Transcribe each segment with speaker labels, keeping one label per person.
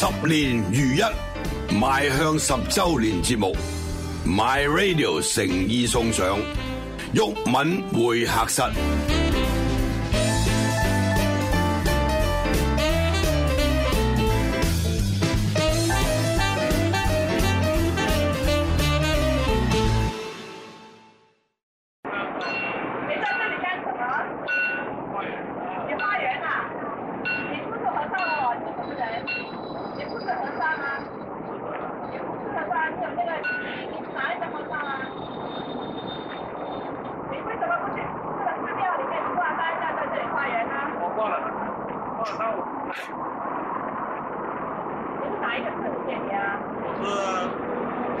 Speaker 1: 十年如一，邁向十周年節目，My Radio 誠意送上，毓民會客室。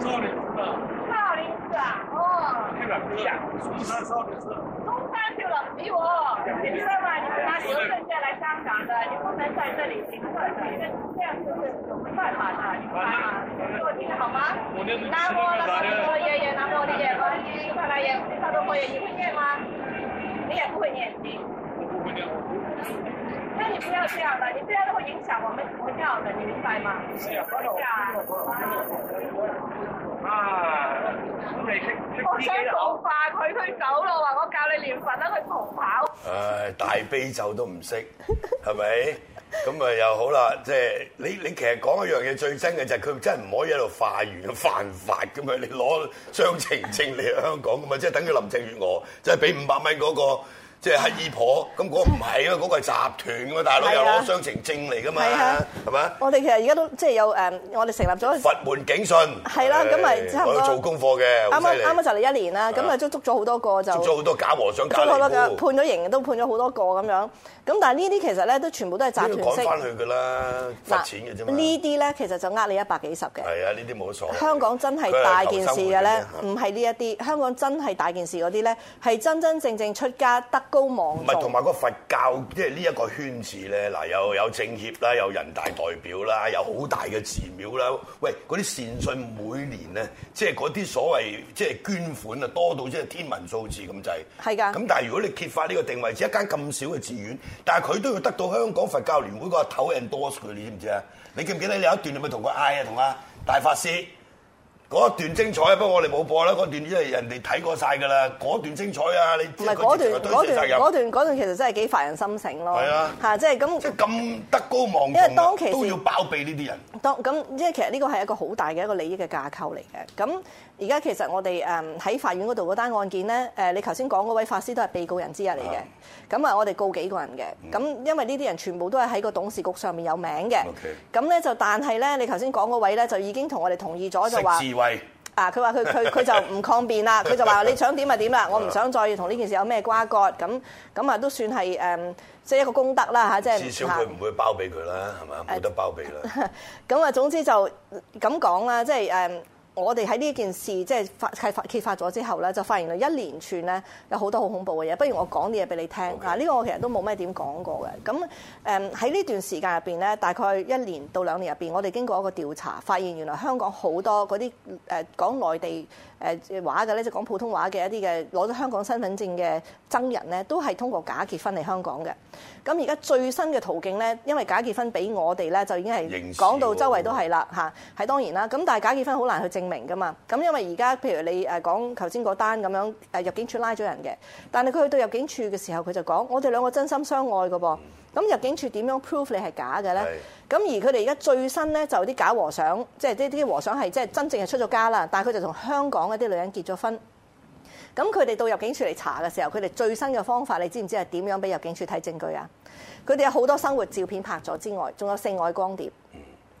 Speaker 2: 少林寺少
Speaker 1: 林寺啊！哦、
Speaker 2: oh, 嗯。對吧？對呀。嵩山少林寺。嵩山去了沒有啊？你知道嗎？你們拿旅遊證件來香港的，你不能在這裏行乞的，這樣就是違法的，明白嗎？給我聽好嗎？南無南無佛爺爺，南無的爺爺，他來也，他都可以，你會念嗎？你也不會念的。你 不要這樣啦，你這樣都會影響我們投票的，你明白嗎？是啊，吓！啊！我想告發佢，佢走咯，話我教你念佛
Speaker 1: 啦，去逃跑。唉，大悲咒都唔識，係咪？咁啊又好啦，即係你你其實講一樣嘢最真嘅就係佢真係唔可以喺度化完犯法噶嘛？你攞雙程證嚟香港噶嘛？即係等於林鄭月娥，即係俾五百蚊嗰個。即係乞衣婆，咁嗰個唔係啊，嗰個係集團喎，大佬又攞雙程證嚟㗎嘛，係咪？我
Speaker 2: 哋其實而家都即係有誒，我哋成立咗佛
Speaker 1: 門警訊係啦，咁咪差唔多做功課嘅。啱啱啱就
Speaker 2: 嚟一年啦，咁咪捉捉咗好多個就捉咗好
Speaker 1: 多假和尚、假喇嘛，判
Speaker 2: 咗刑，都判咗好多個咁樣。咁但係呢啲其實咧，都全部都係集團式改翻去㗎
Speaker 1: 啦，罰錢嘅啫嘛。呢
Speaker 2: 啲咧其實就呃你一百幾十嘅
Speaker 1: 係啊，呢啲冇錯。香
Speaker 2: 港真係大件事嘅咧，唔係呢一啲。香港真係大件事嗰啲咧，係真真正正出家得。唔係，同
Speaker 1: 埋個佛教即係呢一個圈子咧，嗱又有政協啦，有人大代表啦，有好大嘅寺廟啦。喂，嗰啲善信每年咧，即係嗰啲所謂即係捐款啊，多到即係天文數字咁滯。係㗎的。咁但係如果你揭發呢個定位，只有一間咁小嘅寺院，但係佢都要得到香港佛教聯會個頭 endorse 佢，你知唔知啊？你記唔記得你有一段你咪同佢嗌啊，同啊大法師。嗰段精彩啊！不過我哋冇播啦，嗰段因為人哋睇過晒㗎啦。嗰段精彩啊！你唔知？嗰是自段、嗰段、嗰段、
Speaker 2: 嗰段，其實真係幾煩人心情咯。係啊的，即係咁，即係咁
Speaker 1: 德高望重因為當其都要包庇呢啲人。
Speaker 2: 當咁，即係其實呢個係一個好大嘅一個利益嘅架構嚟嘅。咁。而家其實我哋喺法院嗰度嗰單案件咧，你頭先講嗰位法師都係被告人之一嚟嘅。咁啊，我哋告幾個人嘅？咁、嗯、因為呢啲人全部都係喺個董事局上面有名嘅。OK。咁咧就，但係咧，你頭先講嗰位咧就已經同我哋同意咗，就話智慧啊，佢話佢佢佢就唔抗辯啦。佢 就話你想點咪點啦，我唔想再同呢件事有咩瓜葛。咁咁啊，都算係即係一個功德啦吓，即、就、係、是、至少佢唔
Speaker 1: 會包庇佢啦，係咪、啊？冇得包庇啦。
Speaker 2: 咁啊，總之就咁講啦，即、就、係、是嗯我哋喺呢件事即係發,發揭發揭發咗之後咧，就發現到一連串咧有好多好恐怖嘅嘢，不如我講啲嘢俾你聽嚇。呢 Okay. 個我其實都冇咩點講過嘅。咁誒喺呢段時間入邊咧，大概一年到兩年入邊，我哋經過一個調查，發現原來香港好多嗰啲誒講內地誒話嘅咧，就講普通話嘅一啲嘅攞咗香港身份證嘅僧人咧，都係通過假結婚嚟香港嘅。咁而家最新嘅途徑咧，因為假結婚俾我哋咧就已經係講到周圍都係啦吓，係當然啦，咁但係假結婚好難去證。證明㗎嘛？咁因為而家譬如你誒講頭先嗰單咁樣誒入境處拉咗人嘅，但係佢去到入境處嘅時候，佢就講，我哋兩個真心相愛㗎噃。咁入境處點樣 prove 你係假嘅咧？咁是而佢哋而家最新咧就啲、是、假和尚，即係啲啲和尚係即係真正係出咗家啦，但係佢就同香港嗰一啲女人結咗婚。咁佢哋到入境處嚟查嘅時候，佢哋最新嘅方法，你知唔知係點樣俾入境處睇證據啊？佢哋有好多生活照片拍咗之外，仲有性愛光碟。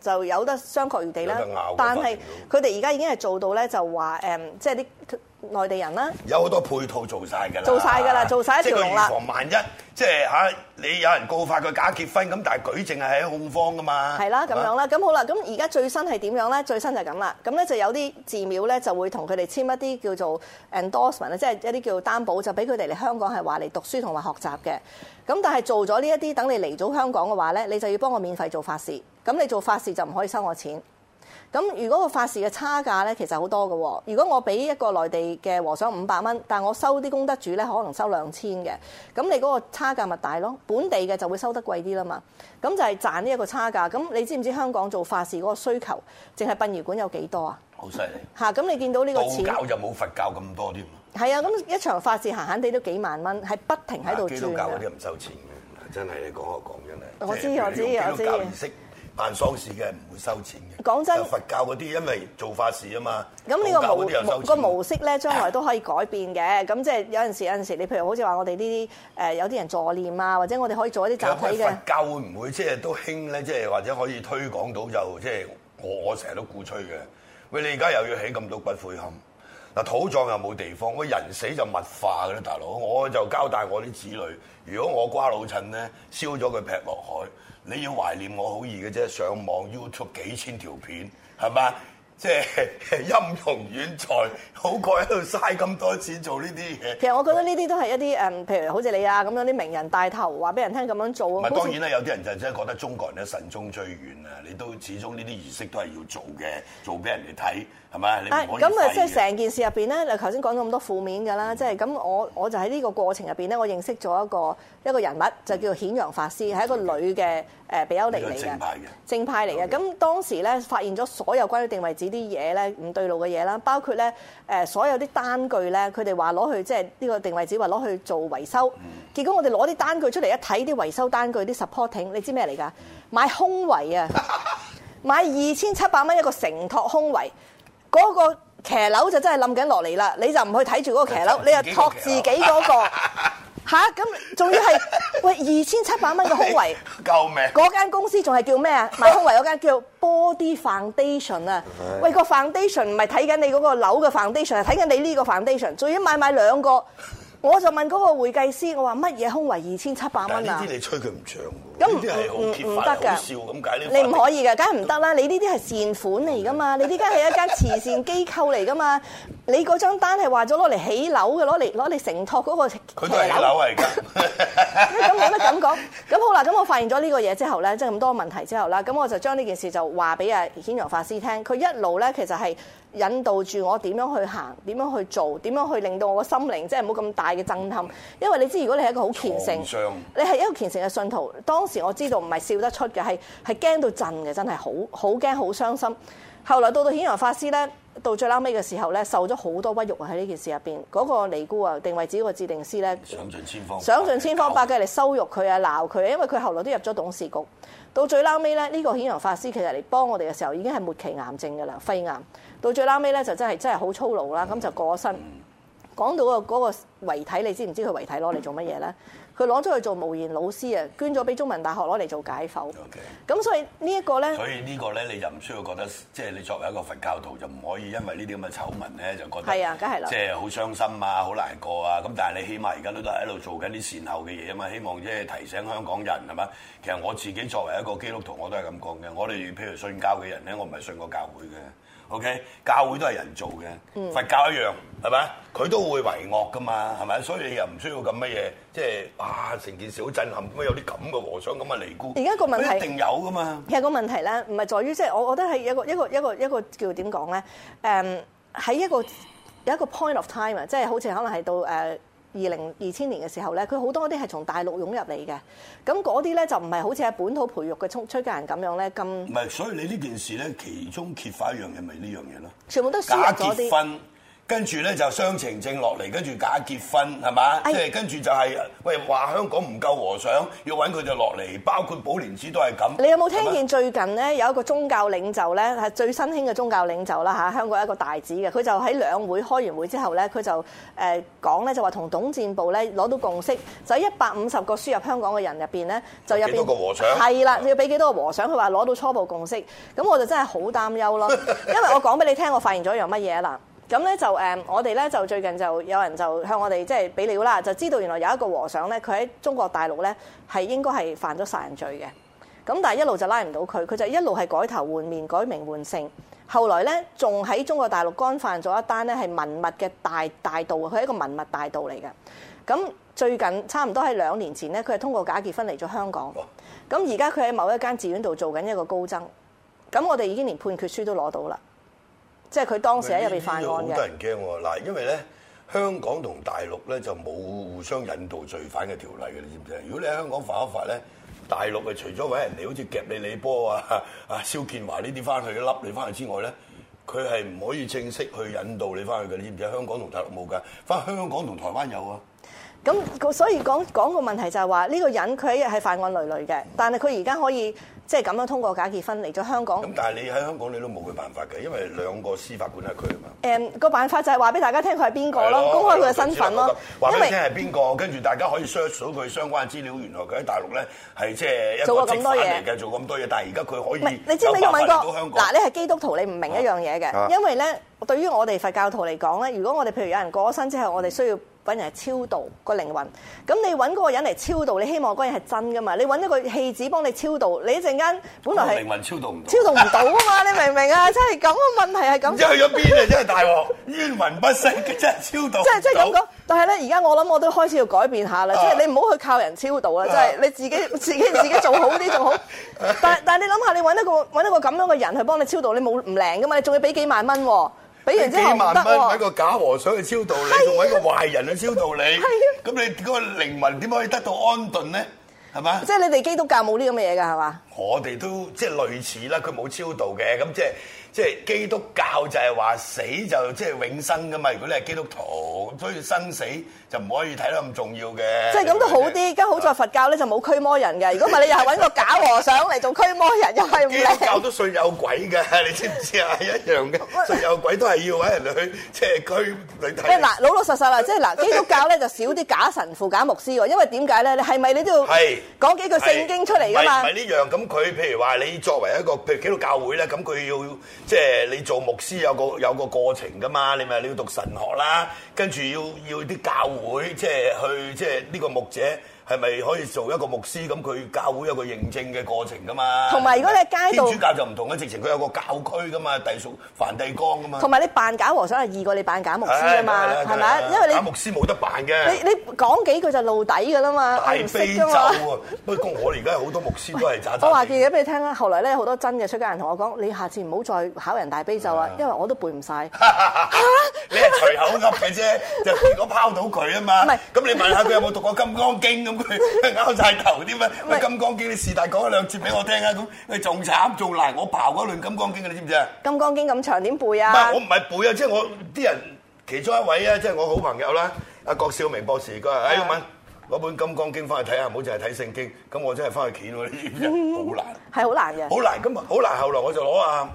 Speaker 2: 就有得相隔異地啦，但係佢哋而家已經係做到咧，就話誒，即係啲內地人啦，
Speaker 1: 有好多配套做晒㗎啦，做晒㗎啦，做晒一條龍啦。即係佢防萬一，了即係嚇、啊、你有人告發佢假結婚咁，但係舉證係喺控方㗎嘛，係啦，咁樣啦。
Speaker 2: 咁、啊、好啦，咁而家最新係點樣咧？最新就係咁啦，咁咧就有啲寺廟咧就會同佢哋簽一啲叫做 endorsement 即係一啲叫擔保，就俾佢哋嚟香港係話嚟讀書同埋學習嘅。咁但係做咗呢一啲，等你嚟咗香港嘅話咧，你就要幫我免費做法事。咁你做法事就唔可以收我錢。咁如果個法事嘅差價咧，其實好多嘅。如果我俾一個內地嘅和尚五百蚊，但係我收啲功德主咧，可能收兩千嘅。咁你嗰個差價咪大咯？本地嘅就會收得貴啲啦嘛。咁就係賺呢一個差價。咁你知唔知香港做法事嗰個需求，淨係殯儀館有幾多啊？好犀利吓，咁你見到呢個道教
Speaker 1: 就冇佛教咁多添。
Speaker 2: 係啊，咁一場法事閒閒地都幾萬蚊，係不停喺度做。基督教嗰啲
Speaker 1: 唔收錢嘅，真係講啊講真啊。我知我知我知。辦喪事嘅唔會收錢嘅。講真，佛教嗰啲因為做法事啊嘛。咁呢個模個模
Speaker 2: 式咧，將來都可以改變嘅。咁、啊、即係有陣時，有陣時你譬如好似話我哋呢啲誒有啲人助念啊，或者我哋可以做一啲集體嘅。佛
Speaker 1: 教會唔會即係都興咧？即係或者可以推廣到就即係我我成日都鼓吹嘅。喂，你而家又要起咁多骨灰龕，嗱，土葬又冇地方。喂，人死就物化嘅咧，大佬。我就交代我啲子女，如果我瓜老襯咧，燒咗佢劈落海。你要懷念我好易嘅啫，上網 YouTube 幾千條片，係咪？即係陰陽遠在，好過喺度嘥咁多錢做呢啲嘢。其
Speaker 2: 實我覺得呢啲都係一啲誒，譬如好似你啊咁樣啲名人帶頭話俾人聽咁樣做。唔係，當然
Speaker 1: 啦，括有啲人就真係覺得中國人咧慎終追遠啊，你都始終呢啲儀式都係要做嘅，做俾人哋睇，係咪？誒咁啊，即係成
Speaker 2: 件事入邊咧，就頭先講咗咁多負面㗎啦，即係咁我我就喺呢個過程入邊咧，我認識咗一個一個人物，就叫做顯陽法師，係、嗯、一個女嘅誒比丘尼嚟嘅，呃、正派嚟嘅。咁 Okay. 當時咧發現咗所有關於定位指。啲嘢咧唔對路嘅嘢啦，包括咧誒所有啲單據咧，佢哋話攞去即係呢個定位只話攞去做維修，結果我哋攞啲單據出嚟一睇啲維修單據啲 supporting，你知咩嚟㗎？買胸圍啊，買二千七百蚊一個承托胸圍。嗰個騎樓就真係冧緊落嚟啦！你就唔去睇住嗰個騎樓，你就托自己嗰、那個。吓，咁仲、啊、要係喂二千七百蚊嘅胸圍，
Speaker 1: 救命！
Speaker 2: 嗰間公司仲係叫咩啊？買胸圍嗰間叫 Body Foundation 啊！是的 喂，個 foundation 唔係睇緊你嗰個樓嘅 foundation，係睇緊你呢個 foundation，仲要買買兩個。我就問嗰個會計師，我話乜嘢胸圍二千七百蚊啊？
Speaker 1: 知你吹佢唔漲喎，咁呢啲係唔唔得嘅。你唔可以嘅，梗係
Speaker 2: 唔得啦！你呢啲係善款嚟噶嘛？嗯、你呢間係一間慈善機構嚟噶嘛？ 你嗰張單係話咗攞嚟起樓嘅，攞嚟攞嚟承托嗰個騎樓嚟嘅。咁講， 你咁講。咁好啦，咁我發現咗呢個嘢之後咧，即係咁多問題之後啦，咁我就將呢件事就話俾阿顯揚法師聽。佢一路咧，其實係，引導住我點樣去行，點樣去做，點樣去令到我個心靈，即係冇咁大嘅震撼。因為你知，如果你係一個好虔誠，傷你係一個虔誠嘅信徒，當時我知道唔係笑得出嘅，係係驚到震嘅，真係好好驚，好傷心。後來到到顯然法師咧，到最撈尾嘅時候咧，受咗好多屈辱啊！喺呢件事入邊，嗰、那個尼姑啊，定為自己個指定師咧，想盡
Speaker 1: 千方，想盡
Speaker 2: 千方百計嚟羞辱佢啊、鬧佢，因為佢後來都入咗董事局。到最撈尾呢，呢、呢個顯陽法師其實嚟幫我哋嘅時候，已經係末期癌症㗎啦，肺癌。到最撈尾呢，就真係真係好操勞啦，咁就過咗身。講到，嗰個。遺體，你知唔知佢遺體攞嚟做乜嘢咧？佢攞咗去做無言老師啊，捐咗俾中文大學攞嚟做解剖。咁 Okay. 所以呢一個咧，所以
Speaker 1: 呢個咧，你就唔需要覺得，即係你作為一個佛教徒就唔可以因為呢啲咁嘅醜聞咧就覺得係啊，梗係啦，即係好傷心啊，好難過啊。咁但係你起碼而家都都係喺度做緊啲善後嘅嘢啊嘛，希望即係提醒香港人係嘛。其實我自己作為一個基督徒我都係咁講嘅。我哋譬如信教嘅人咧，我唔係信過教會嘅。OK，教會都係人做嘅，嗯、佛教一樣係咪？佢都會為惡㗎嘛。係咪？所以你又唔需要咁乜嘢，即係啊，成件事好震撼，有點有啲咁嘅和尚咁嘅尼姑？而家個問題一定有噶嘛？其
Speaker 2: 實個問題咧，唔係在於，即係我覺得係一個一個一個一個叫點講咧？誒、嗯，喺一個有一個 point of time 啊，即係好似可能係到誒二零二千年嘅時候咧，佢好多啲係從大陸湧入嚟嘅，咁嗰啲咧就唔係好似喺本土培育嘅充出嘅人咁樣咧，咁
Speaker 1: 唔係。所以你呢件事咧，其中揭發的一樣嘢，咪呢樣嘢咯？
Speaker 2: 全部都輸入咗假結婚。
Speaker 1: 跟住咧就雙程證落嚟，跟住假結婚係嘛？即係、哎、跟住就係、是、喂話香港唔夠和尚，要揾佢就落嚟。包括寶蓮寺都係咁。你有冇聽見嗎
Speaker 2: 最近咧有一個宗教領袖咧，係最新興嘅宗教領袖啦，香港一個大寺嘅，佢就喺兩會開完會之後咧，佢就誒講咧就話同董建部咧攞到共識，就一百五十個輸入香港嘅人入面咧就入幾多個和尚？係啦了，吧你要俾幾多個和尚？佢話攞到初步共識，咁我就真係好擔憂咯，因為我講俾你聽， 我發現咗一樣乜嘢啦。咁咧就誒，我哋咧就最近就有人就向我哋即係俾料啦，就知道原來有一個和尚咧，佢喺中國大陸咧係應該係犯咗殺人罪嘅。咁但係一路就拉唔到佢，佢就一路係改頭換面、改名換姓。後來咧，仲喺中國大陸幹犯咗一單咧係文物嘅大大盜，佢係一個文物大盜嚟嘅。咁最近差唔多喺兩年前咧，佢係通過假結婚嚟咗香港。咁而家佢喺某一間寺院度做緊一個高僧。咁我哋已經連判決書都攞到啦。即係佢當時喺入邊犯案，好多人
Speaker 1: 驚喎！嗱，因為咧，香港同大陸咧就冇互相引渡罪犯嘅條例嘅，你知唔知啊？如果你喺香港犯咗法咧，大陸誒除咗搵人哋好似夾你李波啊啊，蕭建華呢啲翻去笠你翻去之外咧，佢係唔可以正式去引渡你翻去嘅，你知唔知？香港同大陸冇㗎，翻香港同台灣有
Speaker 2: 啊。咁，所以講講個問題就係話呢個人佢喺入係犯案累累嘅，但係佢而家可以。即係咁樣通過假結婚嚟咗香港。咁
Speaker 1: 但係你喺香港你都冇佢辦法嘅，因為兩個司法管轄區啊嘛。
Speaker 2: 誒、嗯，個辦法就係話俾大家聽佢係邊個咯，公開佢嘅身份咯。話俾大家聽係邊
Speaker 1: 個，跟住為大家可以 search 到佢相關嘅資料。原來佢喺大陸咧係即係做過咁多嘢嚟嘅，做咁多嘢。但係而家佢可以你。你知唔知個美國？嗱，
Speaker 2: 你係基督徒，你唔明一樣嘢嘅，啊、因為咧對於我哋佛教徒嚟講咧，如果我哋譬如有人過咗身之後，我哋需要。揾人超度個靈魂，咁你揾嗰個人嚟超度，你希望嗰人係真噶嘛？你揾一個戲子幫你超度，你一陣間本來係靈
Speaker 1: 魂超度
Speaker 2: 唔超度唔到啊嘛。你明唔明啊？真係咁個問題係咁，即係去咗邊啊？真係大
Speaker 1: 鑊冤魂不息，真係超度，即係即係咁講。
Speaker 2: 但係咧，而家我諗我都開始要改變下啦。啊、即係你唔好去靠人超度啦，即係、啊、你自己自己自己做好啲仲好。但係但係你諗下，你揾一個揾一個咁樣嘅人去幫你超度，你冇唔靚噶嘛？你仲要俾幾萬蚊、啊。你幾萬蚊為一
Speaker 1: 個假和尚去超度你，同為、啊、一個壞人去超度你，咁、啊啊、你個靈魂點可以得到安頓呢？係嘛？即係你
Speaker 2: 哋基督教冇呢咁嘅嘢
Speaker 1: 噶，係嘛？我哋都即係類似啦，佢冇超度嘅，咁即係。即係基督教就係話死就即係永生噶嘛，如果你係基督徒，所以生死就唔可以睇得咁重要嘅。即係咁都好
Speaker 2: 啲，而家好在佛教咧就冇驅魔人嘅，如果唔係你又係揾個假和尚嚟做驅魔人，又係唔嚟。教都
Speaker 1: 信有鬼嘅，你知唔知啊？一樣嘅，信有鬼都係要揾人嚟去即係驅女體。咩嗱老
Speaker 2: 老實實啦，即係嗱基督教咧就少啲假神父、假牧師喎，因為點解咧？你係咪你都要
Speaker 1: 講幾句聖經出嚟㗎嘛？唔係呢樣咁佢譬如話你作為一個譬如基督教會咧，咁佢要。即係你做牧師有個有個過程㗎嘛，你咪你要讀神學啦，跟住要要啲教會，即係去，即係呢個牧者。係咪可以做一個牧師？咁佢教會有個認證嘅過程㗎嘛。同埋如果你喺街道主教就唔同啦，直情佢有個教區㗎嘛，隸屬梵蒂岡㗎嘛。同埋你
Speaker 2: 扮假和尚係易過你扮假牧師㗎嘛，係咪？因為你假
Speaker 1: 牧師冇得扮嘅。你你
Speaker 2: 講幾句就露底㗎啦嘛，大悲咒
Speaker 1: 乜？不過我而家好多牧師都係詐我話
Speaker 2: 嘅嘢俾你聽啦，後嚟咧好多真嘅出家人同我講，你下次唔好再考人大悲咒啊，因為我都背唔晒。」
Speaker 1: 你係隨口噏嘅啫，就如果拋到佢啊嘛。唔係，咁你問下佢有冇讀過《金剛經》咁？拗曬 頭啲乜？是金剛經你是但講一兩次俾我聽啊！咁你仲慘仲難，我刨嗰輪金剛經嘅，你知唔知啊？
Speaker 2: 金剛經咁長點背啊？
Speaker 1: 我唔係背啊！即係我啲人其中一位啊，即係我好朋友啦，阿郭少明博士，佢話：的哎咁問攞本金剛經翻去睇下，唔好淨係睇聖經。咁我真係翻去鉗喎，好 難，
Speaker 2: 係好難嘅，好難。
Speaker 1: 咁啊，好難。後來我就攞啊。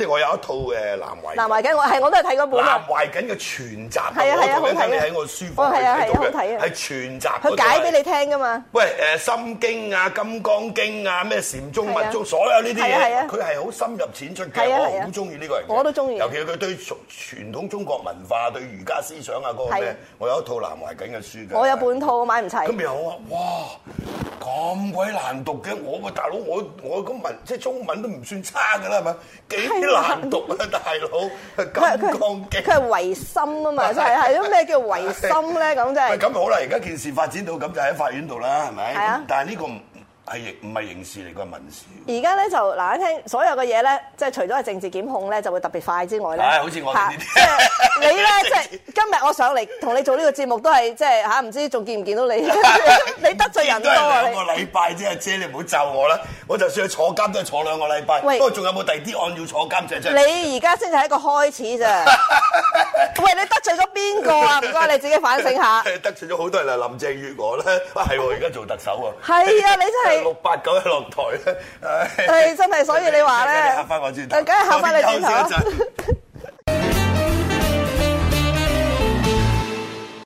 Speaker 1: 即係我有一套誒南懷南懷瑾，我係
Speaker 2: 我都係睇嗰本南
Speaker 1: 懷瑾嘅全集。係啊係啊，好睇。你喺我書房係啊係啊，好睇啊。係全集，佢解俾你
Speaker 2: 聽㗎嘛。
Speaker 1: 喂誒，《心經》啊，《金剛經》啊，咩禪宗密宗，所有呢啲嘢，佢係好深入淺出嘅。我好中意呢個人，
Speaker 2: 我都中意。尤其
Speaker 1: 是佢對傳統中國文化、對儒家思想啊嗰個咩，我有一套南懷瑾嘅書嘅。我有半
Speaker 2: 套，我買唔齊。咁又
Speaker 1: 好啊！哇，咁鬼難讀嘅，我個大佬，我我咁文即係中文都唔算差㗎啦，係咪？幾？ 難
Speaker 2: 讀啊，大佬！《金剛經》，佢係違心啊嘛，真係係咩叫違心咧？咁真係。咁好啦，而
Speaker 1: 家件事發展到咁就喺法院度啦，係咪？是啊、但係呢個唔。係唔係刑事嚟㗎？民事。
Speaker 2: 而家咧就嗱，聽所有嘅嘢咧，即係除咗係政治檢控咧，就會特別快之外咧、啊。好似我呢啲你咧即係今日我上嚟同你做呢個節目，都係即係吓。唔知仲見唔見到你？ 你得罪人多啊！兩個禮
Speaker 1: 拜啫，姐你唔好咒我啦！我就算去坐監都係坐兩個禮拜。喂，不過仲有冇第二啲案要坐監啫？姐，你而
Speaker 2: 家先係一個開始咋？ 喂，你得罪咗邊個啊？唔該，你自己反省下。
Speaker 1: 得罪咗好多人啊，林鄭月娥咧，啊係喎，而家、啊、做特首啊？係啊，你真、就、係、是、～六八九一落台咧，唉、哎！真係，所以你話咧，梗係吓翻個轉頭，有啲你轉頭